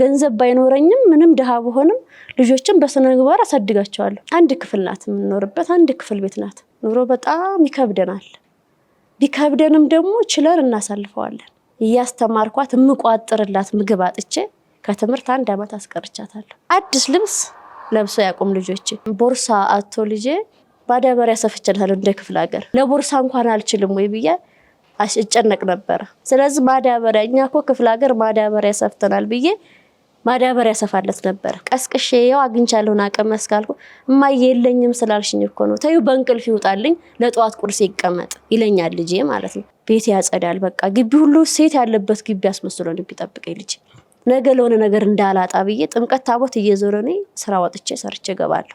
ገንዘብ ባይኖረኝም ምንም ድሃ ብሆንም ልጆችን በስነ ምግባር አሳድጋቸዋለሁ። አንድ ክፍል ናት የምንኖርበት፣ አንድ ክፍል ቤት ናት። ኑሮ በጣም ይከብደናል። ቢከብደንም ደግሞ ችለን እናሳልፈዋለን። እያስተማርኳት የምቋጥርላት ምግብ አጥቼ ከትምህርት አንድ ዓመት አስቀርቻታለሁ። አዲስ ልብስ ለብሶ ያቁም ልጆች ቦርሳ አቶ ልጄ ማዳበሪያ ሰፍቼልሃለሁ እንደ ክፍለ ሀገር ለቦርሳ እንኳን አልችልም ወይ ብዬ እጨነቅ ነበረ። ስለዚህ ማዳበሪያ እኛ እኮ ክፍለ ሀገር ማዳበሪያ ሰፍተናል ብዬ ማዳበሪያ ሰፋለት ነበር። ቀስቅሼ ያው አግኝቻለሁን አቅም እስካልኩ እማዬ የለኝም ስላልሽኝ እኮ ነው ተዩ በእንቅልፍ ይውጣልኝ ለጠዋት ቁርስ ይቀመጥ ይለኛል ልጄ ማለት ነው። ቤት ያጸዳል። በቃ ግቢ ሁሉ ሴት ያለበት ግቢ አስመስሎ ነው የሚጠብቀኝ ልጅ። ነገ ለሆነ ነገር እንዳላጣ ብዬ ጥምቀት ታቦት እየዞረ እኔ ስራ ወጥቼ ሰርቼ እገባለሁ።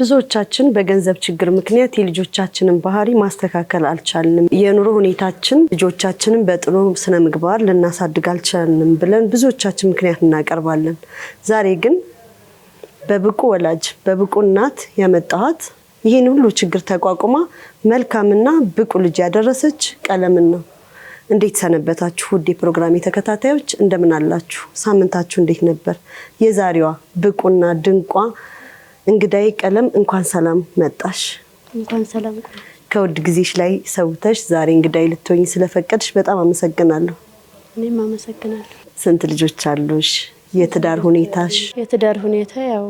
ብዙዎቻችን በገንዘብ ችግር ምክንያት የልጆቻችንን ባህሪ ማስተካከል አልቻልንም። የኑሮ ሁኔታችን ልጆቻችንን በጥሩ ስነ ምግባር ልናሳድግ አልቻልንም ብለን ብዙዎቻችን ምክንያት እናቀርባለን። ዛሬ ግን በብቁ ወላጅ በብቁ እናት ያመጣኋት ይህን ሁሉ ችግር ተቋቁማ መልካምና ብቁ ልጅ ያደረሰች ቀለምን ነው። እንዴት ሰነበታችሁ? ውድ የፕሮግራሜ ተከታታዮች እንደምን አላችሁ? ሳምንታችሁ እንዴት ነበር? የዛሬዋ ብቁና ድንቋ እንግዳይ ቀለም እንኳን ሰላም መጣሽ። እንኳን ሰላም ከውድ ጊዜሽ ላይ ሰውተሽ ዛሬ እንግዳይ ልትሆኝ ስለፈቀድሽ በጣም አመሰግናለሁ። እኔም አመሰግናለሁ። ስንት ልጆች አሉሽ? የትዳር ሁኔታሽ? የትዳር ሁኔታ ያው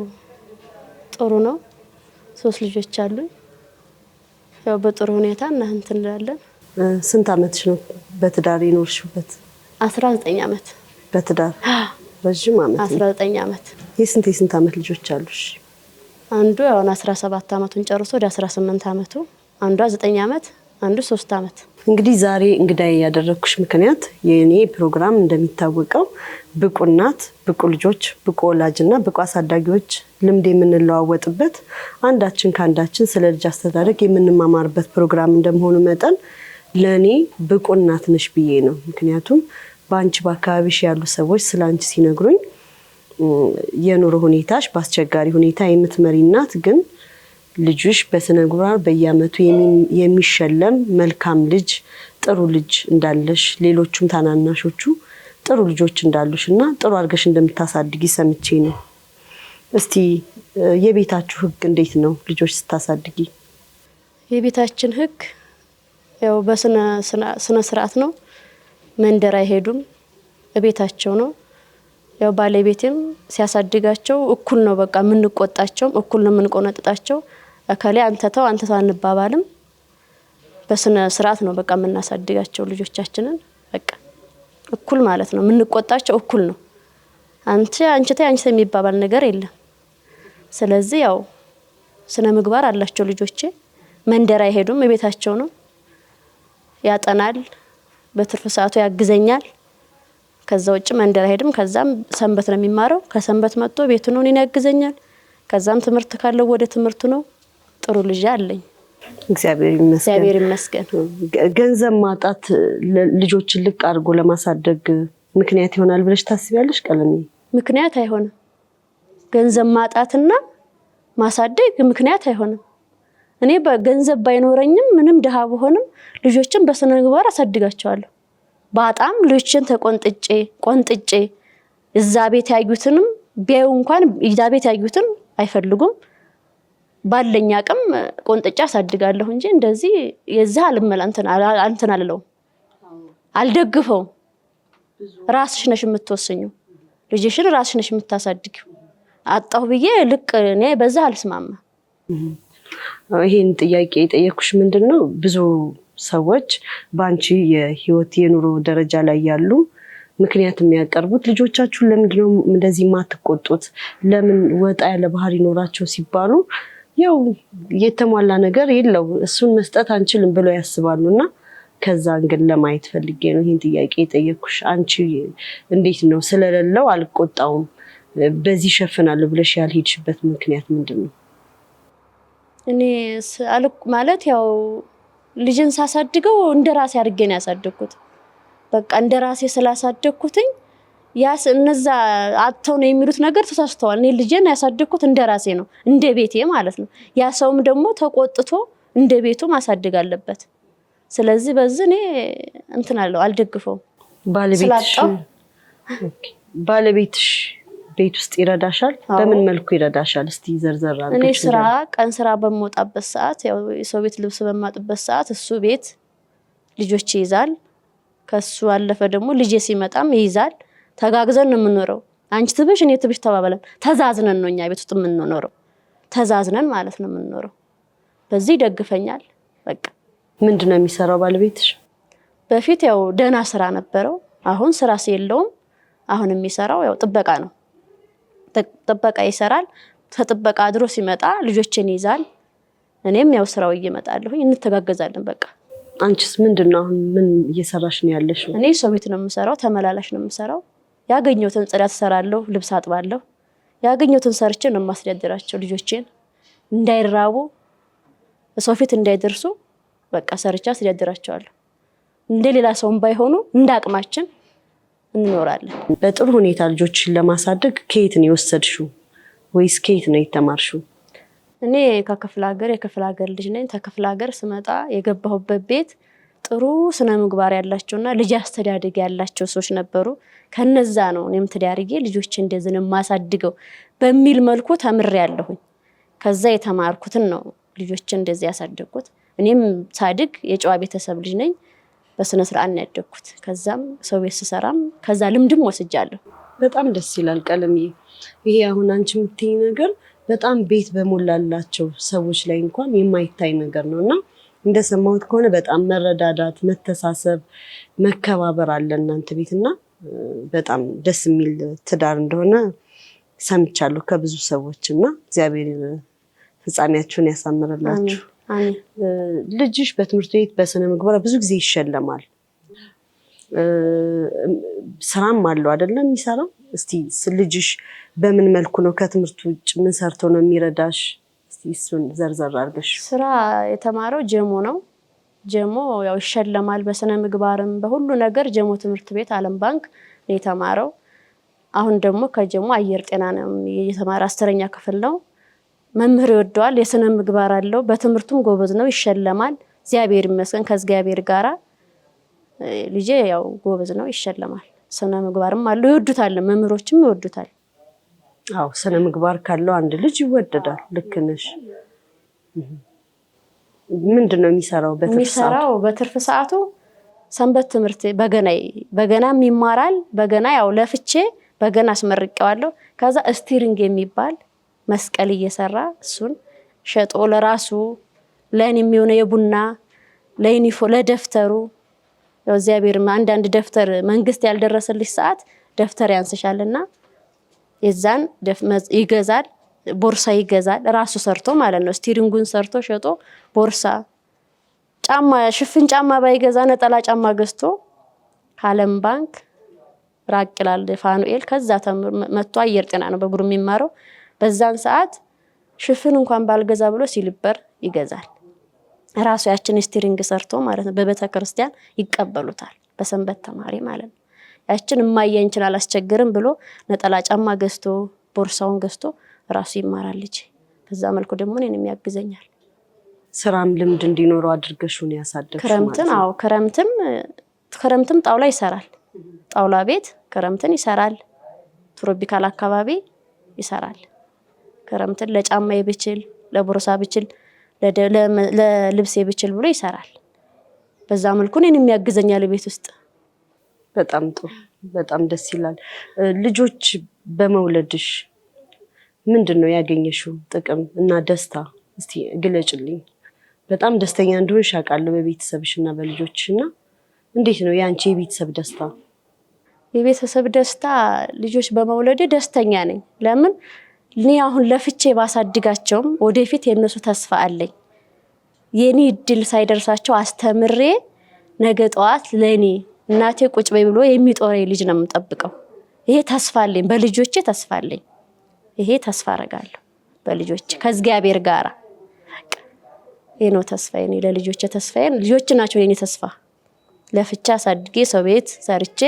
ጥሩ ነው። ሶስት ልጆች አሉኝ። ያው በጥሩ ሁኔታ እና እንትን እንላለን። ስንት አመትሽ ነው በትዳር የኖርሽበት? አስራ ዘጠኝ አመት በትዳር ረዥም አመት። አስራ ዘጠኝ አመት። የስንት የስንት አመት ልጆች አሉሽ? አንዱ ያሁን 17 አመቱን ጨርሶ ወደ 18 አመቱ፣ አንዷ 9 አመት፣ አንዱ 3 አመት። እንግዲህ ዛሬ እንግዳ ያደረግኩሽ ምክንያት የኔ ፕሮግራም እንደሚታወቀው ብቁ እናት፣ ብቁ ልጆች፣ ብቁ ወላጅና ብቁ አሳዳጊዎች ልምድ የምንለዋወጥበት አንዳችን ከአንዳችን ስለ ልጅ አስተዳደግ የምንማማርበት ፕሮግራም እንደመሆኑ መጠን ለእኔ ብቁ እናት ነሽ ብዬ ነው። ምክንያቱም በአንቺ በአካባቢሽ ያሉ ሰዎች ስለ አንቺ ሲነግሩኝ የኑሮ ሁኔታሽ በአስቸጋሪ ሁኔታ የምትመሪ እናት ግን ልጅሽ በስነ ምግባር በየአመቱ የሚሸለም መልካም ልጅ፣ ጥሩ ልጅ እንዳለሽ ሌሎቹም ታናናሾቹ ጥሩ ልጆች እንዳሉሽ እና ጥሩ አድርገሽ እንደምታሳድጊ ሰምቼ ነው። እስቲ የቤታችሁ ህግ እንዴት ነው? ልጆች ስታሳድጊ የቤታችን ህግ ያው በስነ ስርዓት ነው። መንደር አይሄዱም፣ ቤታቸው ነው። ያው ባለቤቴም ሲያሳድጋቸው እኩል ነው በቃ የምንቆጣቸውም እኩል ነው የምንቆነጥጣቸው። እከሌ አንተተው አንተተው አንባባልም። በስነ ስርዓት ነው በቃ የምናሳድጋቸው ልጆቻችንን በቃ እኩል ማለት ነው የምንቆጣቸው እኩል ነው። አንቺ አንቺ ተይ አንቺ ተይ የሚባባል ነገር የለም። ስለዚህ ያው ስነ ምግባር አላቸው ልጆቼ። መንደር አይሄዱም፣ ቤታቸው ነው። ያጠናል፣ በትርፍ ሰዓቱ ያግዘኛል። ከዛ ውጭ መንደር አይሄድም። ከዛም ሰንበት ነው የሚማረው። ከሰንበት መጥቶ ቤቱን ይነግዘኛል። ከዛም ትምህርት ካለው ወደ ትምህርቱ ነው። ጥሩ ልጅ አለኝ። እግዚአብሔር ይመስገን። ገንዘብ ማጣት ልጆችን ልቅ አድርጎ ለማሳደግ ምክንያት ይሆናል ብለሽ ታስቢያለሽ? ቀለሜ ምክንያት አይሆንም። ገንዘብ ማጣትና ማሳደግ ምክንያት አይሆንም። እኔ ገንዘብ ባይኖረኝም ምንም ድሃ ብሆንም ልጆችን በስነ ምግባር አሳድጋቸዋለሁ። በጣም ልጆችን ተቆንጥጬ ቆንጥጬ እዛ ቤት ያዩትንም ቢያዩ እንኳን እዛ ቤት ያዩትን አይፈልጉም። ባለኝ አቅም ቆንጥጬ አሳድጋለሁ እንጂ እንደዚህ የዚህ አልመላ አልለው አልደግፈው። ራስሽ ነሽ የምትወስኙ፣ ልጅሽን ራስሽ ነሽ የምታሳድግ። አጣሁ ብዬ ልቅ እኔ በዛ አልስማማ። ይሄን ጥያቄ የጠየኩሽ ምንድን ነው ብዙ ሰዎች በአንቺ የህይወት የኑሮ ደረጃ ላይ ያሉ ምክንያት የሚያቀርቡት ልጆቻችሁን ለምንድነው ነው እንደዚህ የማትቆጡት? ለምን ወጣ ያለ ባህሪ ይኖራቸው ሲባሉ ያው የተሟላ ነገር የለው እሱን መስጠት አንችልም ብለው ያስባሉ እና ከዛ ግን ለማየት ፈልጌ ነው ይህን ጥያቄ የጠየኩሽ። አንቺ እንዴት ነው ስለሌለው አልቆጣውም በዚህ ሸፍናለሁ ብለሽ ያልሄድሽበት ምክንያት ምንድን ነው? እኔ ማለት ያው ልጅን ሳሳድገው እንደ ራሴ አድርጌ ነው ያሳደግኩት። በቃ እንደ ራሴ ስላሳደግኩትኝ ያስ እነዛ አጥተው ነው የሚሉት ነገር ተሳስተዋል። እኔ ልጄን ያሳደግኩት እንደ ራሴ ነው እንደ ቤቴ ማለት ነው። ያ ሰውም ደግሞ ተቆጥቶ እንደ ቤቱ ማሳደግ አለበት። ስለዚህ በዚህ እኔ እንትን አለው አልደግፈውም ባለቤትሽ ቤት ውስጥ ይረዳሻል? በምን መልኩ ይረዳሻል? እስቲ ዘርዘራ። እኔ ስራ ቀን ስራ በምወጣበት ሰዓት የሰው ቤት ልብስ በማጥበት ሰዓት እሱ ቤት ልጆች ይይዛል። ከሱ አለፈ ደግሞ ልጄ ሲመጣም ይይዛል። ተጋግዘን ነው የምንኖረው። አንቺ ትብሽ እኔ ትብሽ ተባብለን ተዛዝነን ነው እኛ ቤት ውስጥ የምንኖረው። ተዛዝነን ማለት ነው የምንኖረው። በዚህ ይደግፈኛል። በቃ ምንድን ነው የሚሰራው ባለቤትሽ? በፊት ያው ደህና ስራ ነበረው። አሁን ስራ የለውም። አሁን የሚሰራው ያው ጥበቃ ነው። ጥበቃ ይሰራል። ከጥበቃ አድሮ ሲመጣ ልጆችን ይዛል። እኔም ያው ስራው እየመጣለሁኝ እንተጋገዛለን። በቃ አንቺስ ምንድን ነው ምን እየሰራሽ ነው ያለሽ? እኔ ሰው ቤት ነው የምሰራው፣ ተመላላሽ ነው የምሰራው። ያገኘሁትን ጽዳት እሰራለሁ፣ ልብስ አጥባለሁ። ያገኘሁትን ሰርቼ ነው የማስደድራቸው ልጆቼን እንዳይራቡ ሰው ፊት እንዳይደርሱ በቃ ሰርቻ አስደድራቸዋለሁ። እንደ ሌላ ሰውም ባይሆኑ አቅማችን እንኖራለን። በጥሩ ሁኔታ ልጆችን ለማሳደግ ከየት ነው የወሰድሽው? ወይስ ከየት ነው የተማርሽው? እኔ ከክፍለ ሀገር የክፍለ ሀገር ልጅ ነኝ። ከክፍለ ሀገር ስመጣ የገባሁበት ቤት ጥሩ ስነ ምግባር ያላቸውና ልጅ አስተዳደግ ያላቸው ሰዎች ነበሩ። ከነዛ ነው እኔም ትዳርጌ ልጆች እንደዝን የማሳድገው በሚል መልኩ ተምሬ ያለሁኝ። ከዛ የተማርኩትን ነው ልጆች እንደዚህ ያሳደግኩት። እኔም ሳድግ የጨዋ ቤተሰብ ልጅ ነኝ። በስነ ስርዓት ነው ያደግኩት። ከዛም ሰው ቤት ስሰራም ከዛ ልምድም ወስጃለሁ። በጣም ደስ ይላል ቀለም። ይሄ አሁን አንቺ የምትይኝ ነገር በጣም ቤት በሞላላቸው ሰዎች ላይ እንኳን የማይታይ ነገር ነው እና እንደሰማሁት ከሆነ በጣም መረዳዳት፣ መተሳሰብ፣ መከባበር አለ እናንተ ቤት እና በጣም ደስ የሚል ትዳር እንደሆነ ሰምቻለሁ ከብዙ ሰዎች እና እግዚአብሔር ፍጻሜያችሁን ያሳምርላችሁ። ልጅሽ በትምህርት ቤት በስነ ምግባር ብዙ ጊዜ ይሸለማል። ስራም አለው አይደለም የሚሰራው። እስቲ ልጅሽ በምን መልኩ ነው ከትምህርት ውጭ ምን ሰርቶ ነው የሚረዳሽ? እስቲ እሱን ዘርዘር አድርገሽ። ስራ የተማረው ጀሞ ነው። ጀሞ ያው ይሸለማል በስነ ምግባርም በሁሉ ነገር። ጀሞ ትምህርት ቤት አለም ባንክ ነው የተማረው። አሁን ደግሞ ከጀሞ አየር ጤና ነው የተማረ አስረኛ ክፍል ነው መምህር ይወደዋል፣ የስነ ምግባር አለው፣ በትምህርቱም ጎበዝ ነው፣ ይሸለማል። እግዚአብሔር ይመስገን። ከእግዚአብሔር ጋራ ልጄ ያው ጎበዝ ነው፣ ይሸለማል። ስነ ምግባርም አለው፣ ይወዱታል፣ መምህሮችም ይወዱታል። አዎ ስነ ምግባር ካለው አንድ ልጅ ይወደዳል። ልክ ነሽ። ምንድን ነው የሚሰራው? የሚሰራው በትርፍ ሰዓቱ ሰንበት ትምህርት በገና በገናም ይማራል። በገና ያው ለፍቼ በገና አስመርቄዋለሁ። ከዛ ስቲሪንግ የሚባል መስቀል እየሰራ እሱን ሸጦ ለራሱ ለእኔ የሚሆነ የቡና ለዩኒፎ ለደፍተሩ እግዚአብሔር አንዳንድ ደፍተር መንግስት ያልደረሰልሽ ሰዓት ደፍተር ያንስሻልና የዛን ይገዛል። ቦርሳ ይገዛል ራሱ ሰርቶ ማለት ነው። ስቲሪንጉን ሰርቶ ሸጦ ቦርሳ፣ ጫማ፣ ሽፍን ጫማ ባይገዛ ነጠላ ጫማ ገዝቶ ከዓለም ባንክ ራቅ ይላል ፋኑኤል። ከዛ መጥቶ አየር ጤና ነው በእግሩ የሚማረው በዛን ሰዓት ሽፍን እንኳን ባልገዛ ብሎ ሲልበር ይገዛል። ራሱ ያችን ስቲሪንግ ሰርቶ ማለት ነው። በቤተ ክርስቲያን ይቀበሉታል፣ በሰንበት ተማሪ ማለት ነው። ያችን እማያ እንችን አላስቸግርም ብሎ ነጠላ ጫማ ገዝቶ ቦርሳውን ገዝቶ ራሱ ይማራል ልጅ። በዛ መልኩ ደግሞ እኔንም ያግዘኛል። ስራም ልምድ እንዲኖረው አድርገሽውን ያሳደግሽ። ክረምትን አዎ፣ ክረምትም ክረምትም ጣውላ ይሰራል። ጣውላ ቤት ክረምትን ይሰራል። ትሮፒካል አካባቢ ይሰራል። ክረምትን ለጫማ ብችል፣ ለቦርሳ ብችል፣ ለልብስ ብችል ብሎ ይሰራል። በዛ መልኩ እኔንም ያግዘኛል ቤት ውስጥ። በጣም ጥሩ፣ በጣም ደስ ይላል። ልጆች በመውለድሽ ምንድን ነው ያገኘሽው ጥቅም እና ደስታ? እስቲ ግለጭልኝ። በጣም ደስተኛ እንደሆንሽ አውቃለሁ በቤተሰብሽ እና በልጆችሽ እና እንዴት ነው የአንቺ የቤተሰብ ደስታ? የቤተሰብ ደስታ ልጆች በመውለዴ ደስተኛ ነኝ። ለምን እኔ አሁን ለፍቼ ባሳድጋቸውም ወደፊት የእነሱ ተስፋ አለኝ። የኔ እድል ሳይደርሳቸው አስተምሬ ነገ ጠዋት ለእኔ እናቴ ቁጭ በይ ብሎ የሚጦረኝ ልጅ ነው የምጠብቀው። ይሄ ተስፋ አለኝ፣ በልጆቼ ተስፋ አለኝ። ይሄ ተስፋ አደርጋለሁ በልጆቼ ከእግዚአብሔር ጋር ነው ተስፋዬ። እኔ ለልጆቼ ተስፋዬ ልጆች ናቸው የኔ ተስፋ። ለፍቻ አሳድጌ ሰው ቤት ሰርቼ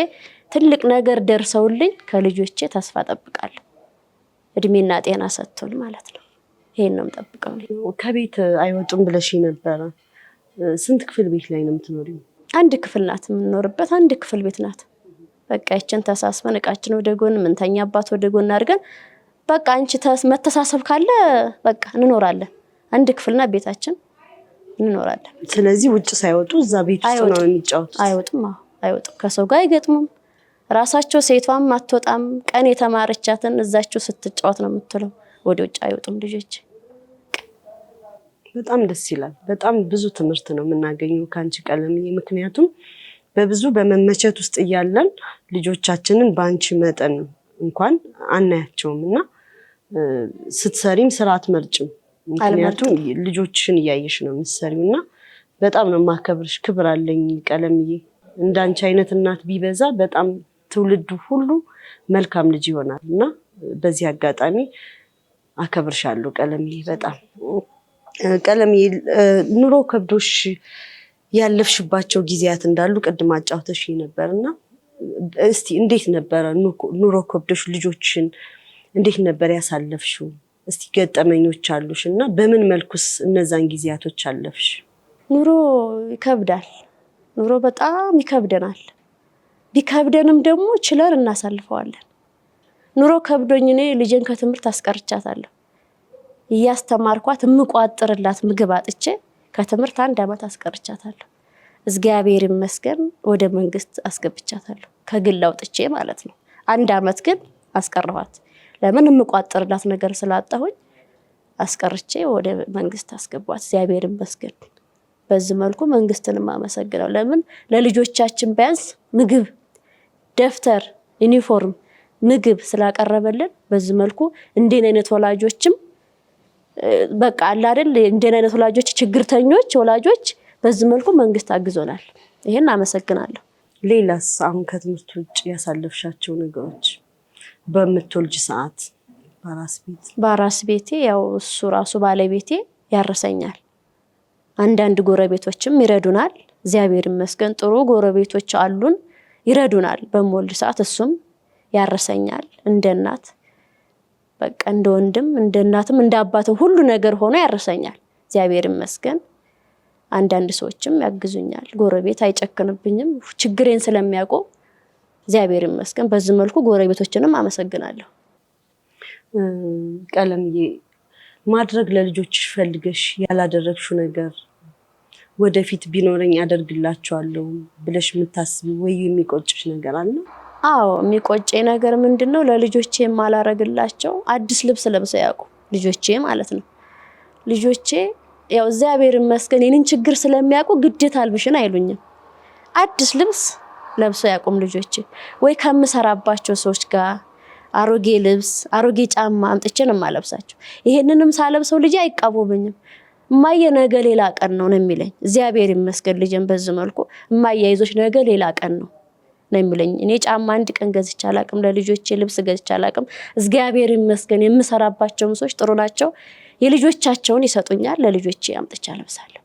ትልቅ ነገር ደርሰውልኝ ከልጆቼ ተስፋ ጠብቃለሁ። እድሜና ጤና ሰጥቶን ማለት ነው። ይሄን ነው የምጠብቀው። ከቤት አይወጡም ብለሽ ነበረ። ስንት ክፍል ቤት ላይ ነው የምትኖሪ? አንድ ክፍል ናት የምንኖርበት፣ አንድ ክፍል ቤት ናት። በቃ ይችን ተሳስበን እቃችን ወደ ጎን ምንተኛ አባት ወደ ጎን አድርገን በቃ አንቺ መተሳሰብ ካለ በቃ እንኖራለን። አንድ ክፍልና ቤታችን እንኖራለን። ስለዚህ ውጭ ሳይወጡ እዛ ቤት ውስጥ ነው የሚጫወቱት? አይወጡም፣ አይወጡም። ከሰው ጋር አይገጥሙም። ራሳቸው ሴቷም አትወጣም ቀን የተማረቻትን እዛችሁ ስትጫወት ነው የምትለው። ወደ ውጭ አይወጡም ልጆች። በጣም ደስ ይላል። በጣም ብዙ ትምህርት ነው የምናገኘው ከአንቺ ቀለም ምክንያቱም በብዙ በመመቸት ውስጥ እያለን ልጆቻችንን በአንቺ መጠን እንኳን አናያቸውም እና ስትሰሪም ስራ አትመርጭም። ምክንያቱም ልጆችሽን እያየሽ ነው የምትሰሪው እና በጣም ነው የማከብርሽ። ክብር አለኝ ቀለምዬ። እንዳንቺ አይነት እናት ቢበዛ በጣም ትውልዱ ሁሉ መልካም ልጅ ይሆናል እና በዚህ አጋጣሚ አከብርሻለሁ ቀለምዬ። በጣም ቀለምዬ፣ ኑሮ ከብዶሽ ያለፍሽባቸው ጊዜያት እንዳሉ ቅድም አጫውተሽ ነበር እና እስቲ እንዴት ነበረ ኑሮ ከብዶሽ ልጆችን እንዴት ነበር ያሳለፍሽው? እስቲ ገጠመኞች አሉሽ እና በምን መልኩስ እነዛን ጊዜያቶች አለፍሽ? ኑሮ ይከብዳል። ኑሮ በጣም ይከብደናል። ቢከብደንም ደግሞ ችለን እናሳልፈዋለን። ኑሮ ከብዶኝ እኔ ልጄን ከትምህርት አስቀርቻታለሁ። እያስተማርኳት የምቋጥርላት ምግብ አጥቼ ከትምህርት አንድ ዓመት አስቀርቻታለሁ። እግዚአብሔር ይመስገን ወደ መንግስት አስገብቻታለሁ፣ ከግል አውጥቼ ማለት ነው። አንድ ዓመት ግን አስቀረኋት። ለምን የምቋጥርላት ነገር ስላጣሁኝ አስቀርቼ ወደ መንግስት አስገቧት። እግዚአብሔር ይመስገን። በዚህ መልኩ መንግስትንም አመሰግነው። ለምን ለልጆቻችን ቢያንስ ምግብ ደብተር፣ ዩኒፎርም፣ ምግብ ስላቀረበልን በዚህ መልኩ እንዴን አይነት ወላጆችም በቃ አለ አይደል እንዴን አይነት ወላጆች ችግርተኞች ወላጆች በዚህ መልኩ መንግስት አግዞናል። ይሄን አመሰግናለሁ። ሌላስ አሁን ከትምህርት ውጭ ያሳለፍሻቸው ነገሮች በምትወልጅ ሰዓት በአራስ ቤት በአራስ ቤቴ ያው እሱ ራሱ ባለቤቴ ያረሰኛል። አንዳንድ ጎረቤቶችም ይረዱናል። እግዚአብሔር ይመስገን ጥሩ ጎረቤቶች አሉን። ይረዱናል። በምወልድ ሰዓት እሱም ያረሰኛል እንደ እናት በቃ እንደ ወንድም እንደ እናትም እንደ አባትም ሁሉ ነገር ሆኖ ያረሰኛል። እግዚአብሔር ይመስገን። አንዳንድ ሰዎችም ያግዙኛል። ጎረቤት አይጨክንብኝም፣ ችግሬን ስለሚያውቁ እግዚአብሔር ይመስገን። በዚህ መልኩ ጎረቤቶችንም አመሰግናለሁ። ቀለምዬ፣ ማድረግ ለልጆችሽ ፈልገሽ ያላደረግሽው ነገር ወደፊት ቢኖረኝ አደርግላቸዋለሁ ብለሽ የምታስቢ ወይ የሚቆጭሽ ነገር አለ? አዎ የሚቆጨ ነገር ምንድን ነው? ለልጆቼ የማላረግላቸው አዲስ ልብስ ለብሰው ያውቁ ልጆቼ ማለት ነው። ልጆቼ ያው እግዚአብሔር ይመስገን የኔን ችግር ስለሚያውቁ ግዴታ አልብሽን አይሉኝም። አዲስ ልብስ ለብሰው ያቁም ልጆቼ ወይ ከምሰራባቸው ሰዎች ጋር አሮጌ ልብስ አሮጌ ጫማ አምጥቼ ነው የማለብሳቸው። ይሄንንም ሳለብሰው ልጅ አይቃወመኝም። እማዬ ነገ ሌላ ቀን ነው ነው የሚለኝ። እግዚአብሔር ይመስገን ልጅን በዚህ መልኩ እማዬ ይዞች ነገ ሌላ ቀን ነው ነው የሚለኝ። እኔ ጫማ አንድ ቀን ገዝቼ አላቅም፣ ለልጆቼ ልብስ ገዝቼ አላቅም። እግዚአብሔር ይመስገን የምሰራባቸውም ሰዎች ጥሩ ናቸው። የልጆቻቸውን ይሰጡኛል፣ ለልጆቼ አምጥቼ አለብሳለሁ።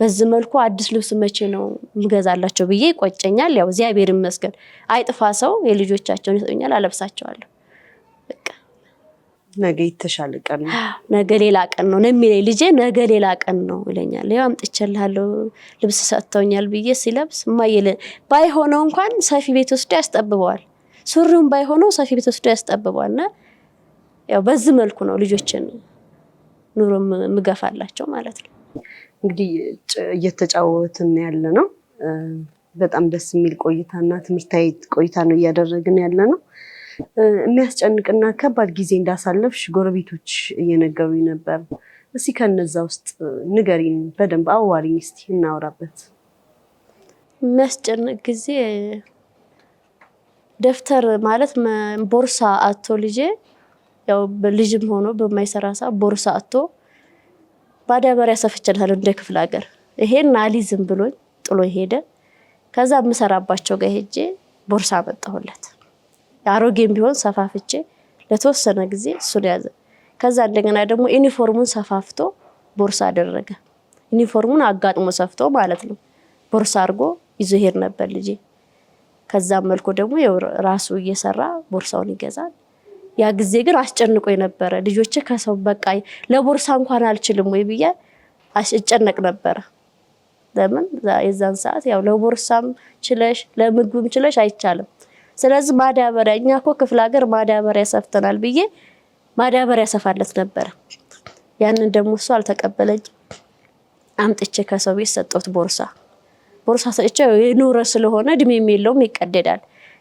በዚህ መልኩ አዲስ ልብስ መቼ ነው ምገዛላቸው ብዬ ይቆጨኛል። ያው እግዚአብሔር ይመስገን አይጥፋ ሰው የልጆቻቸውን ይሰጡኛል፣ አለብሳቸዋለሁ በቃ ነገ የተሻለ ቀን ነው፣ ነገ ሌላ ቀን ነው ነው የሚለኝ ልጄ። ነገ ሌላ ቀን ነው ይለኛል። ያው አምጥቼልሃለሁ ልብስ ሰጥተውኛል ብዬ ሲለብስ እማዬ ባይሆነው እንኳን ሰፊ ቤት ወስዶ ያስጠብበዋል። ሱሪውን ባይሆነው ሰፊ ቤት ወስዶ ያስጠብበዋል። እና ያው በዚህ መልኩ ነው ልጆችን ኑሮ ምገፋላቸው ማለት ነው። እንግዲህ እየተጫወትን ያለ ነው። በጣም ደስ የሚል ቆይታና ትምህርታዊ ቆይታ ነው እያደረግን ያለ ነው። የሚያስጨንቅና ከባድ ጊዜ እንዳሳለፍሽ ጎረቤቶች እየነገሩኝ ነበር። እስቲ ከነዛ ውስጥ ንገሪን፣ በደንብ አዋሪኝ፣ እስኪ እናውራበት። የሚያስጨንቅ ጊዜ ደብተር ማለት ቦርሳ አቶ ልጄ ያው ልጅም ሆኖ በማይሰራ ሰዓት ቦርሳ አቶ ማዳበሪያ ሰፍችልሃል እንደ ክፍለ ሀገር ይሄን አሊዝም ብሎኝ ጥሎ ሄደ። ከዛ የምሰራባቸው ጋር ሄጄ ቦርሳ መጣሁለት። አሮጌም ቢሆን ሰፋፍቼ ለተወሰነ ጊዜ እሱን ያዘ። ከዛ እንደገና ደግሞ ዩኒፎርሙን ሰፋፍቶ ቦርሳ አደረገ። ዩኒፎርሙን አጋጥሞ ሰፍቶ ማለት ነው ቦርሳ አድርጎ ይዞ ሄድ ነበር ልጄ። ከዛም መልኩ ደግሞ ራሱ እየሰራ ቦርሳውን ይገዛል። ያ ጊዜ ግን አስጨንቆ የነበረ ልጆቼ ከሰው በቃ ለቦርሳ እንኳን አልችልም ወይ ብዬ እጨነቅ ነበረ። ለምን የዛን ሰዓት ያው ለቦርሳም ችለሽ ለምግብም ችለሽ አይቻልም። ስለዚህ ማዳበሪያ እኛ እኮ ክፍለ ሀገር ማዳበሪያ ሰፍተናል ብዬ ማዳበሪያ ሰፋለት ነበረ። ያንን ደግሞ እሱ አልተቀበለኝ አምጥቼ ከሰው ቤት ሰጠሁት ቦርሳ ቦርሳ ሰጥቼ የኖረ ስለሆነ እድሜ የለውም ይቀደዳል።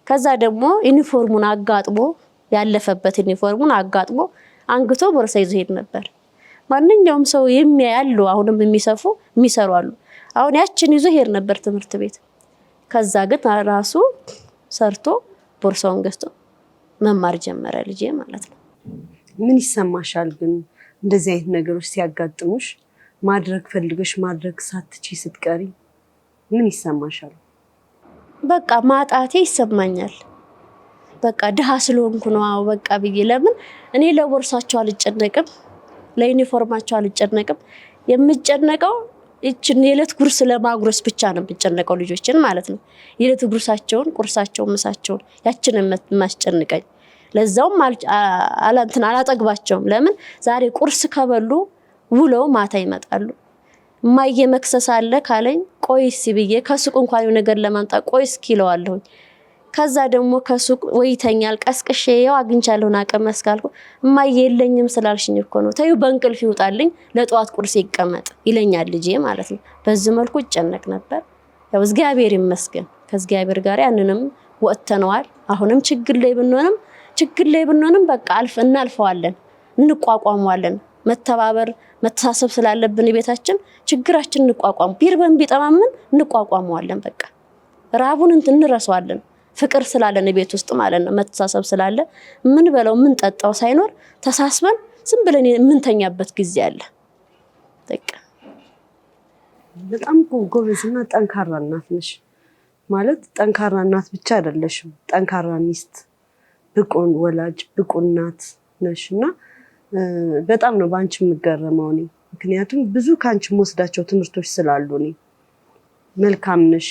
ከዛ ደግሞ ዩኒፎርሙን አጋጥሞ ያለፈበት ዩኒፎርሙን አጋጥሞ አንግቶ ቦርሳ ይዞ ሄድ ነበር። ማንኛውም ሰው የሚያያሉ አሁንም የሚሰፉ የሚሰሩ አሉ። አሁን ያችን ይዞ ሄድ ነበር ትምህርት ቤት። ከዛ ግን ራሱ ሰርቶ ቦርሳውን ገዝቶ መማር ጀመረ ልጄ ማለት ነው። ምን ይሰማሻል ግን እንደዚህ አይነት ነገሮች ሲያጋጥሙሽ ማድረግ ፈልገሽ ማድረግ ሳትቺ ስትቀሪ ምን ይሰማሻል? በቃ ማጣቴ ይሰማኛል። በቃ ድሃ ስለሆንኩ ነው በቃ ብዬ ለምን እኔ ለቦርሳቸው አልጨነቅም፣ ለዩኒፎርማቸው አልጨነቅም። የምጨነቀው ይችን የዕለት ጉርስ ለማጉረስ ብቻ ነው የምጨነቀው ልጆችን ማለት ነው። የዕለት ጉርሳቸውን፣ ቁርሳቸውን፣ ምሳቸውን ያችን የማስጨንቀኝ ለዛውም እንትን አላጠግባቸውም። ለምን ዛሬ ቁርስ ከበሉ ውለው ማታ ይመጣሉ። እማዬ መክሰስ አለ ካለኝ ቆይ እስኪ ብዬ ከሱቅ እንኳን ነገር ለማምጣት ቆይ እስኪ ይለዋለሁኝ። ከዛ ደግሞ ከሱቅ ወይተኛል ቀስቅሼ ያው አግኝቻለሁን አቅም እስካልኩ እማ የለኝም ስላልሽኝ እኮ ነው ተዩ በእንቅልፍ ይውጣልኝ ለጠዋት ቁርስ ይቀመጥ ይለኛል ልጄ ማለት ነው። በዚህ መልኩ ይጨነቅ ነበር። ያው እግዚአብሔር ይመስገን ከእግዚአብሔር ጋር ያንንም ወጥተነዋል። አሁንም ችግር ላይ ብንሆንም ችግር ላይ ብንሆንም በቃ አልፍ እናልፈዋለን፣ እንቋቋመዋለን። መተባበር መተሳሰብ ስላለብን ቤታችን ችግራችን እንቋቋም ቢርበን ቢጠማምን እንቋቋመዋለን። በቃ ራቡን እንትን እንረሳዋለን። ፍቅር ስላለን ቤት ውስጥ ማለት ነው መተሳሰብ ስላለ ምን በለው ምን ጠጣው ሳይኖር ተሳስበን ዝም ብለን የምንተኛበት ጊዜ አለ። በቃ በጣም ጎበዝና ጠንካራ እናት ነሽ። ማለት ጠንካራ እናት ብቻ አይደለሽም፣ ጠንካራ ሚስት፣ ብቁን ወላጅ፣ ብቁ እናት ነሽ እና በጣም ነው በአንቺ የምገረመው እኔ ምክንያቱም ብዙ ከአንቺ የምወስዳቸው ትምህርቶች ስላሉ እኔ መልካም ነሽ።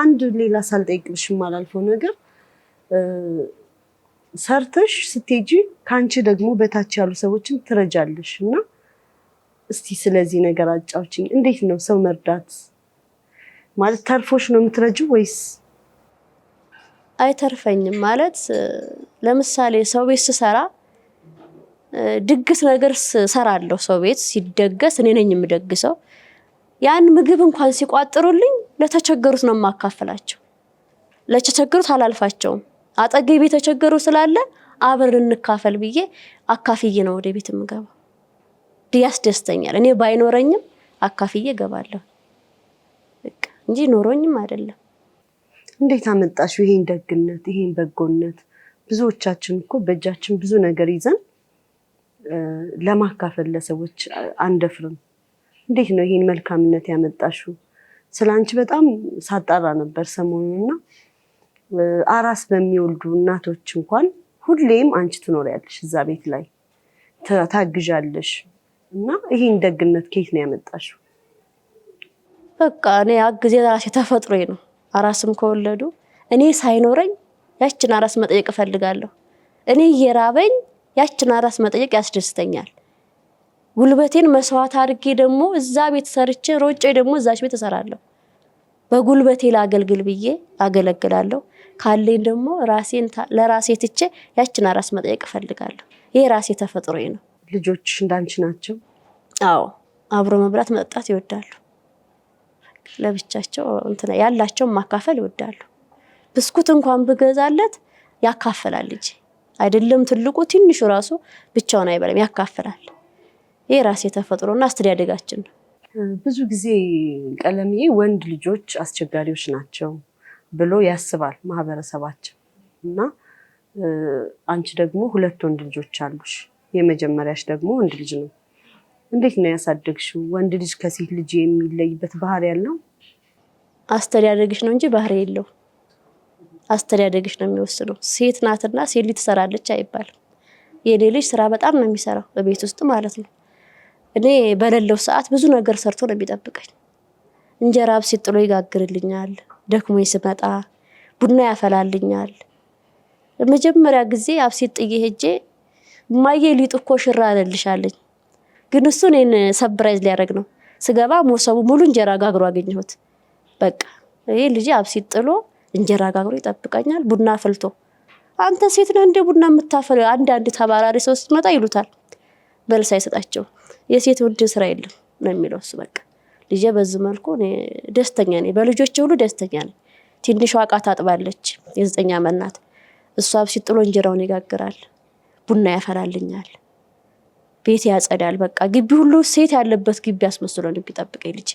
አንድ ሌላ ሳልጠይቅልሽ የማላልፈው ነገር ሰርተሽ ስትሄጂ ከአንቺ ደግሞ በታች ያሉ ሰዎችን ትረጃለሽ እና እስቲ ስለዚህ ነገር አጫውችኝ። እንዴት ነው ሰው መርዳት ማለት? ተርፎሽ ነው የምትረጂው ወይስ አይተርፈኝም? ማለት ለምሳሌ ሰው ቤት ስሰራ ድግስ ነገር ሰራለሁ። ሰው ቤት ሲደገስ እኔ ነኝ የምደግሰው ያን ምግብ እንኳን ሲቋጥሩልኝ ለተቸገሩት ነው የማካፍላቸው። ለተቸገሩት አላልፋቸውም። አጠገቤ የተቸገሩ ስላለ አብረን እንካፈል ብዬ አካፍዬ ነው ወደ ቤት የምገባው። ያስደስተኛል። እኔ ባይኖረኝም አካፍዬ እገባለሁ እንጂ ኖሮኝም አይደለም። እንዴት አመጣሽ ይሄን ደግነት፣ ይሄን በጎነት? ብዙዎቻችን እኮ በእጃችን ብዙ ነገር ይዘን ለማካፈል ለሰዎች አንደፍርም። እንዴት ነው ይሄን መልካምነት ያመጣሽው? ስለ አንቺ በጣም ሳጣራ ነበር ሰሞኑና አራስ በሚወልዱ እናቶች እንኳን ሁሌም አንቺ ትኖሪያለሽ እዛ ቤት ላይ ታግዣለሽ እና ይህን ደግነት ከየት ነው ያመጣሽው? በቃ እኔ አግዜ ራሴ ተፈጥሮ ነው። አራስም ከወለዱ እኔ ሳይኖረኝ ያችን አራስ መጠየቅ እፈልጋለሁ። እኔ እየራበኝ ያችን አራስ መጠየቅ ያስደስተኛል። ጉልበቴን መስዋዕት አድርጌ ደግሞ እዛ ቤት ሰርቼ ሮጬ ደግሞ እዛች ቤት እሰራለሁ። በጉልበቴ ላገልግል ብዬ አገለግላለሁ። ካለኝ ደግሞ ራሴን ለራሴ ትቼ ያችን አራስ መጠየቅ እፈልጋለሁ። ይህ ራሴ ተፈጥሮ ነው። ልጆች እንዳንቺ ናቸው? አዎ፣ አብሮ መብላት መጠጣት ይወዳሉ። ለብቻቸው እንትን ያላቸውን ማካፈል ይወዳሉ። ብስኩት እንኳን ብገዛለት ያካፍላል ልጅ። አይደለም ትልቁ፣ ትንሹ ራሱ ብቻውን አይበላም፣ ያካፍላል። ይህ ራሴ ተፈጥሮና አስተዳደጋችን ነው። ብዙ ጊዜ ቀለምዬ ወንድ ልጆች አስቸጋሪዎች ናቸው ብሎ ያስባል ማህበረሰባችን እና አንቺ ደግሞ ሁለት ወንድ ልጆች አሉሽ። የመጀመሪያሽ ደግሞ ወንድ ልጅ ነው። እንዴት ነው ያሳደግሽው? ወንድ ልጅ ከሴት ልጅ የሚለይበት ባህሪ ያለው አስተዳደግሽ ነው እንጂ ባህሪ የለው። አስተዳደግሽ ነው የሚወስነው። ሴት ናትና ሴት ልጅ ትሰራለች አይባልም። የኔ ልጅ ስራ በጣም ነው የሚሰራው በቤት ውስጥ ማለት ነው። እኔ በሌለው ሰዓት ብዙ ነገር ሰርቶ ነው የሚጠብቀኝ። እንጀራ አብሲት ጥሎ ይጋግርልኛል፣ ደክሞ ስመጣ ቡና ያፈላልኛል። መጀመሪያ ጊዜ አብሲት ጥዬ ሄጄ እማዬ ሊጡ እኮ ሽራ አለልሻለኝ፣ ግን እሱ እኔን ሰብራይዝ ሊያደርግ ነው። ስገባ ሞሰቡ ሙሉ እንጀራ ጋግሮ አገኘሁት። በቃ ይህ ልጅ አብሲት ጥሎ እንጀራ ጋግሮ ይጠብቀኛል፣ ቡና ፈልቶ አንተ ሴት ነህ እንደ ቡና የምታፈለው? አንዳንድ ተባራሪ ሰው ስትመጣ ይሉታል። መልስ አይሰጣቸውም። የሴት ወንድ ስራ የለም ነው የሚለው እሱ። በቃ ልጄ በዚህ መልኩ ደስተኛ ነኝ፣ በልጆች ሁሉ ደስተኛ ነኝ። ትንሿ እቃ ታጥባለች፣ የዘጠኝ ዓመት ናት። እሷ ሲጥሎ እንጀራውን ይጋግራል፣ ቡና ያፈላልኛል፣ ቤት ያጸዳል። በቃ ግቢ ሁሉ ሴት ያለበት ግቢ አስመስሎ ነው የሚጠብቀኝ ልጅ።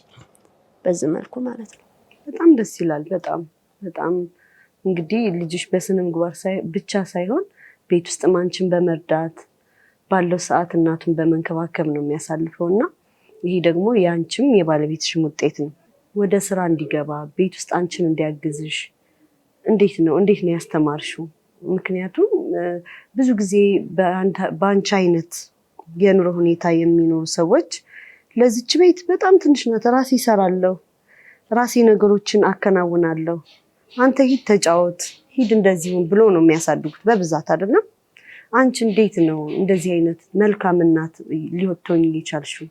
በዚህ መልኩ ማለት ነው። በጣም ደስ ይላል። በጣም በጣም እንግዲህ ልጆች በስነ ምግባር ብቻ ሳይሆን ቤት ውስጥ ማንችን በመርዳት ባለው ሰዓት እናቱን በመንከባከብ ነው የሚያሳልፈው እና ይሄ ደግሞ የአንቺም የባለቤትሽም ውጤት ነው። ወደ ስራ እንዲገባ ቤት ውስጥ አንቺን እንዲያግዝሽ እንዴት ነው እንዴት ነው ያስተማርሽው? ምክንያቱም ብዙ ጊዜ በአንቺ አይነት የኑሮ ሁኔታ የሚኖሩ ሰዎች ለዚች ቤት በጣም ትንሽ ናት፣ ራሴ ይሰራለሁ፣ ራሴ ነገሮችን አከናውናለሁ፣ አንተ ሂድ ተጫወት፣ ሂድ እንደዚሁን ብሎ ነው የሚያሳድጉት በብዛት አይደለም። አንቺ እንዴት ነው እንደዚህ አይነት መልካም እናት ሊወጥቶኝ የቻልሽው?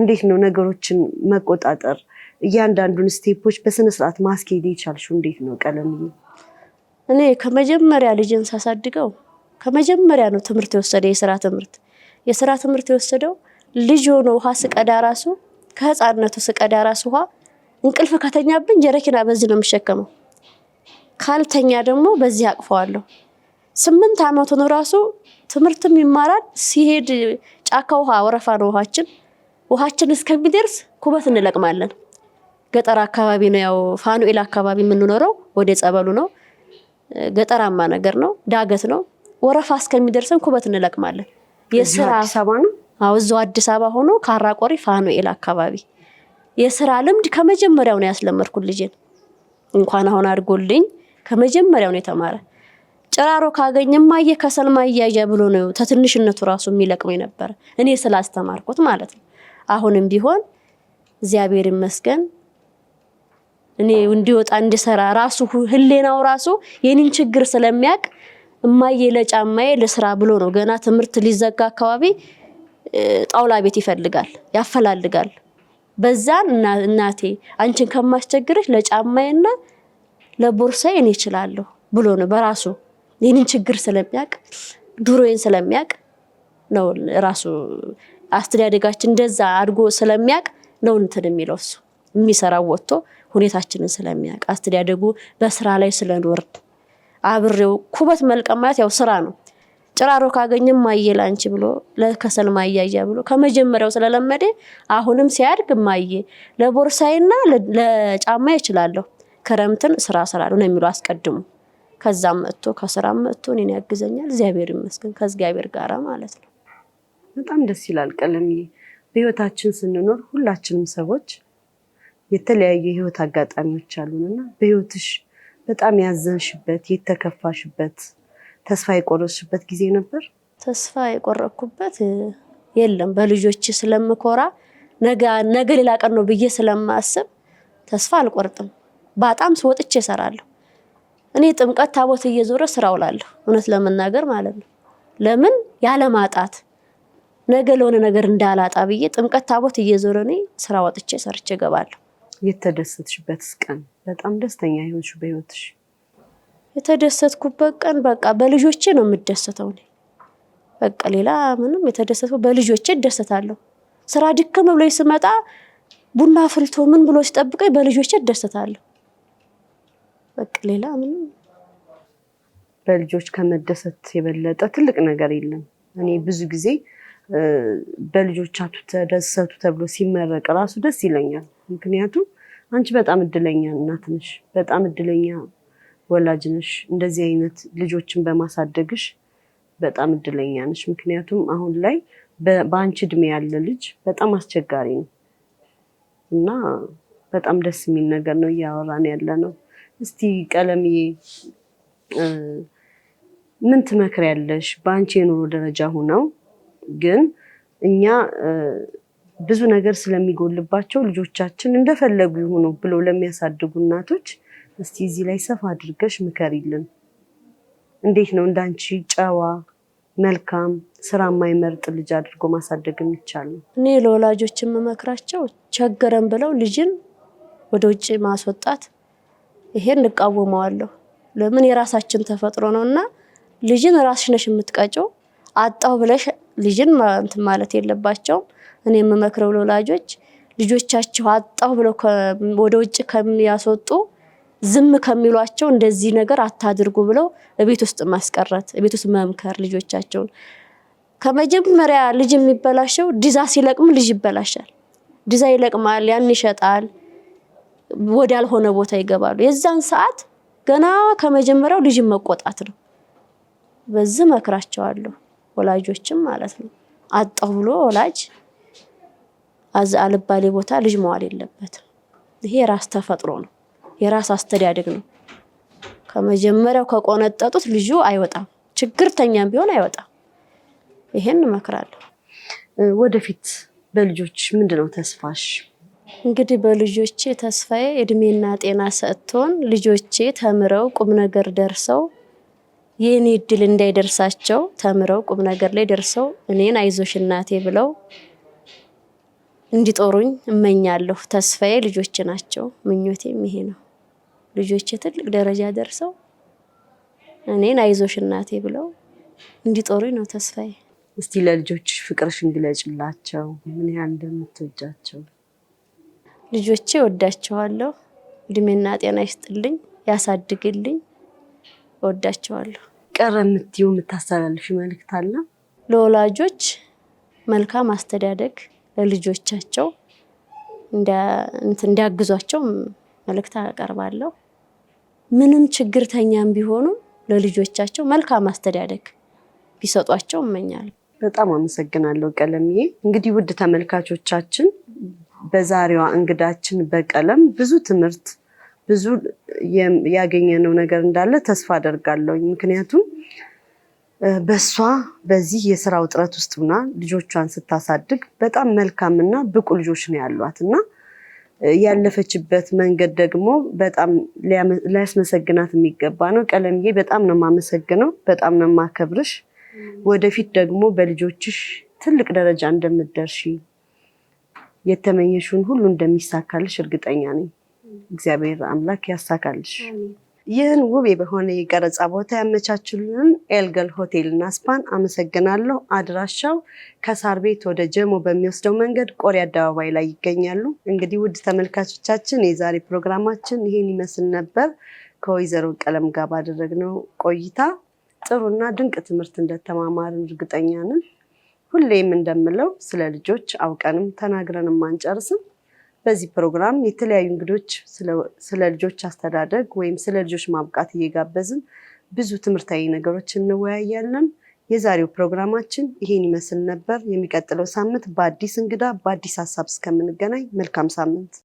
እንዴት ነው ነገሮችን መቆጣጠር እያንዳንዱን ስቴፖች በስነ ስርዓት ማስኬድ የቻልሽው? እንዴት ነው ቀለም? እኔ ከመጀመሪያ ልጅን ሳሳድገው ከመጀመሪያ ነው ትምህርት የወሰደ የስራ ትምህርት የስራ ትምህርት የወሰደው ልጅ ሆኖ ውሃ ስቀዳ ራሱ ከህፃንነቱ ስቀዳ ራሱ ውሃ እንቅልፍ ከተኛብኝ ጀረኪና በዚህ ነው የምሸከመው፣ ካልተኛ ደግሞ በዚህ አቅፈዋለሁ። ስምንት ዓመቱ ነው ራሱ ትምህርትም ይማራል። ሲሄድ ጫካ ውሃ ወረፋ ነው ውሃችን ውሃችን እስከሚደርስ ኩበት እንለቅማለን። ገጠር አካባቢ ነው ያው ፋኑኤል አካባቢ የምንኖረው ወደ ጸበሉ ነው። ገጠራማ ነገር ነው፣ ዳገት ነው። ወረፋ እስከሚደርሰን ኩበት እንለቅማለን። የስራ አዎ እዛው አዲስ አበባ ሆኖ ካራቆሪ ፋኑኤል አካባቢ የስራ ልምድ ከመጀመሪያው ነው ያስለመድኩት ልጅን እንኳን አሁን አድጎልኝ ከመጀመሪያው ነው የተማረ። ጭራሮ ካገኘ ማየ ከሰል ማያያ ብሎ ነው ተትንሽነቱ ራሱ የሚለቅመኝ ነበር፣ እኔ ስላስተማርኩት ማለት ነው። አሁንም ቢሆን እግዚአብሔር ይመስገን እኔ እንዲወጣ እንዲሰራ ራሱ ህሌናው ራሱ የኔን ችግር ስለሚያውቅ እማዬ ለጫማዬ ለስራ ብሎ ነው። ገና ትምህርት ሊዘጋ አካባቢ ጣውላ ቤት ይፈልጋል ያፈላልጋል። በዛን እናቴ አንቺን ከማስቸግርሽ ለጫማዬና ለቦርሳዬ እኔ እችላለሁ ብሎ ነው በራሱ ይህንን ችግር ስለሚያውቅ ዱሮዬን ስለሚያውቅ ነው ራሱ አስተዳደጋችን እንደዛ አድጎ ስለሚያውቅ ነው እንትን የሚለው እሱ የሚሰራው ወጥቶ ሁኔታችንን ስለሚያውቅ አስተዳደጉ በስራ ላይ ስለኖር አብሬው ኩበት መልቀም ማለት ያው ስራ ነው። ጭራሮ ካገኝም ማየ ላንቺ ብሎ ለከሰል ማያያ ብሎ ከመጀመሪያው ስለለመደ አሁንም ሲያድግ ማየ ለቦርሳይና ለጫማ ይችላለሁ ክረምትን ስራ ስራ ነው የሚሉ አስቀድሙ ከዛም መጥቶ ከስራም መጥቶ እኔን ያግዘኛል። እግዚአብሔር ይመስገን ከእግዚአብሔር ጋር ማለት ነው። በጣም ደስ ይላል ቀለሜ። በህይወታችን ስንኖር ሁላችንም ሰዎች የተለያዩ የህይወት አጋጣሚዎች አሉንና በህይወትሽ በጣም ያዘንሽበት፣ የተከፋሽበት፣ ተስፋ የቆረጥሽበት ጊዜ ነበር? ተስፋ የቆረኩበት የለም። በልጆች ስለምኮራ ነገ ነገ ሌላ ቀን ነው ብዬ ስለማስብ ተስፋ አልቆርጥም። በጣም ወጥቼ እሰራለሁ። እኔ ጥምቀት ታቦት እየዞረ ስራ ውላለሁ፣ እውነት ለመናገር ማለት ነው። ለምን ያለማጣት ነገ ለሆነ ነገር እንዳላጣ ብዬ ጥምቀት ታቦት እየዞረ እኔ ስራ ወጥቼ ሰርቼ እገባለሁ። የተደሰትሽበት ቀን በጣም ደስተኛ ይሆንሽ በህይወትሽ የተደሰትኩበት ቀን በቃ በልጆቼ ነው የምደሰተው። እኔ በቃ ሌላ ምንም የተደሰትኩ በልጆቼ እደሰታለሁ። ስራ ድክም ብሎኝ ስመጣ ቡና ፍልቶ ምን ብሎ ሲጠብቀኝ በልጆቼ እደሰታለሁ። በቃ ሌላ ምንም በልጆች ከመደሰት የበለጠ ትልቅ ነገር የለም። እኔ ብዙ ጊዜ በልጆቻችሁ ተደሰቱ ተብሎ ሲመረቅ እራሱ ደስ ይለኛል። ምክንያቱም አንቺ በጣም እድለኛ እናት ነሽ፣ በጣም እድለኛ ወላጅ ነሽ። እንደዚህ አይነት ልጆችን በማሳደግሽ በጣም እድለኛ ነሽ። ምክንያቱም አሁን ላይ በአንቺ እድሜ ያለ ልጅ በጣም አስቸጋሪ ነው እና በጣም ደስ የሚል ነገር ነው እያወራን ያለ ነው። እስቲ ቀለምዬ ምን ትመክሪያለሽ? በአንቺ የኑሮ ደረጃ ሆነው ግን እኛ ብዙ ነገር ስለሚጎልባቸው ልጆቻችን እንደፈለጉ ይሁኑ ብለው ለሚያሳድጉ እናቶች እስቲ እዚህ ላይ ሰፋ አድርገሽ ምከሪልን። እንዴት ነው እንዳንቺ ጨዋ መልካም ስራ የማይመርጥ ልጅ አድርጎ ማሳደግ የሚቻል? እኔ ለወላጆች የምመክራቸው ቸገረን ብለው ልጅን ወደ ውጭ ማስወጣት ይሄን እንቃወመዋለሁ። ለምን የራሳችን ተፈጥሮ ነው እና ልጅን ራስሽ ነሽ የምትቀጪው። አጣው ብለሽ ልጅን እንትን ማለት የለባቸውም። እኔ የምመክረው ለወላጆች ልጆቻቸው አጣው ብለው ወደ ውጭ ከሚያስወጡ ዝም ከሚሏቸው እንደዚህ ነገር አታድርጉ ብለው እቤት ውስጥ ማስቀረት፣ እቤት ውስጥ መምከር ልጆቻቸውን። ከመጀመሪያ ልጅ የሚበላሸው ዲዛ ሲለቅም ልጅ ይበላሻል። ዲዛ ይለቅማል፣ ያን ይሸጣል ወዳልሆነ ቦታ ይገባሉ። የዛን ሰዓት ገና ከመጀመሪያው ልጅ መቆጣት ነው። በዚህ መክራቸዋለሁ፣ ወላጆችም ማለት ነው። አጣሁ ብሎ ወላጅ አልባሌ ቦታ ልጅ መዋል የለበትም። ይሄ የራስ ተፈጥሮ ነው፣ የራስ አስተዳደግ ነው። ከመጀመሪያው ከቆነጠጡት ልጁ አይወጣም፣ ችግርተኛም ቢሆን አይወጣም። ይሄን እመክራለሁ። ወደፊት በልጆች ምንድነው ተስፋሽ? እንግዲህ በልጆቼ ተስፋዬ እድሜና ጤና ሰጥቶን ልጆቼ ተምረው ቁም ነገር ደርሰው የኔ እድል እንዳይደርሳቸው ተምረው ቁም ነገር ላይ ደርሰው እኔን አይዞሽ እናቴ ብለው እንዲጦሩኝ እመኛለሁ። ተስፋዬ ልጆች ናቸው። ምኞቴም ይሄ ነው። ልጆቼ ትልቅ ደረጃ ደርሰው እኔን አይዞሽ እናቴ ብለው እንዲጦሩኝ ነው ተስፋዬ። እስቲ ለልጆች ፍቅርሽን ግለጭላቸው፣ ምን ያህል እንደምትወጃቸው ልጆቼ ወዳቸዋለሁ። እድሜና ጤና ይስጥልኝ፣ ያሳድግልኝ። ወዳቸዋለሁ። ቀረ የምትዩ የምታስተላልፊ መልእክት አለ? ለወላጆች መልካም አስተዳደግ ለልጆቻቸው እንዲያግዟቸው መልእክት አቀርባለሁ። ምንም ችግርተኛም ቢሆኑ ለልጆቻቸው መልካም አስተዳደግ ቢሰጧቸው እመኛለሁ። በጣም አመሰግናለሁ ቀለምዬ። እንግዲህ ውድ ተመልካቾቻችን በዛሬዋ እንግዳችን በቀለም ብዙ ትምህርት ብዙ ያገኘነው ነገር እንዳለ ተስፋ አደርጋለሁ። ምክንያቱም በእሷ በዚህ የስራ ውጥረት ውስጥ ሆና ልጆቿን ስታሳድግ በጣም መልካምና ብቁ ልጆች ነው ያሏት እና ያለፈችበት መንገድ ደግሞ በጣም ሊያስመሰግናት የሚገባ ነው። ቀለምዬ በጣም ነው የማመሰግነው፣ በጣም ነው የማከብርሽ። ወደፊት ደግሞ በልጆችሽ ትልቅ ደረጃ እንደምትደርሺ የተመኘሽውን ሁሉ እንደሚሳካልሽ እርግጠኛ ነኝ። እግዚአብሔር አምላክ ያሳካልሽ። ይህን ውብ በሆነ የቀረጻ ቦታ ያመቻችልን ኤልገል ሆቴል እና ስፓን አመሰግናለሁ። አድራሻው ከሳር ቤት ወደ ጀሞ በሚወስደው መንገድ ቆሪ አደባባይ ላይ ይገኛሉ። እንግዲህ ውድ ተመልካቾቻችን የዛሬ ፕሮግራማችን ይህን ይመስል ነበር። ከወይዘሮ ቀለም ጋር ባደረግነው ቆይታ ጥሩና ድንቅ ትምህርት እንደተማማርን እርግጠኛ ነን። ሁሌም እንደምለው ስለ ልጆች አውቀንም ተናግረንም አንጨርስም። በዚህ ፕሮግራም የተለያዩ እንግዶች ስለ ልጆች አስተዳደግ ወይም ስለ ልጆች ማብቃት እየጋበዝን ብዙ ትምህርታዊ ነገሮች እንወያያለን። የዛሬው ፕሮግራማችን ይሄን ይመስል ነበር። የሚቀጥለው ሳምንት በአዲስ እንግዳ በአዲስ ሀሳብ እስከምንገናኝ መልካም ሳምንት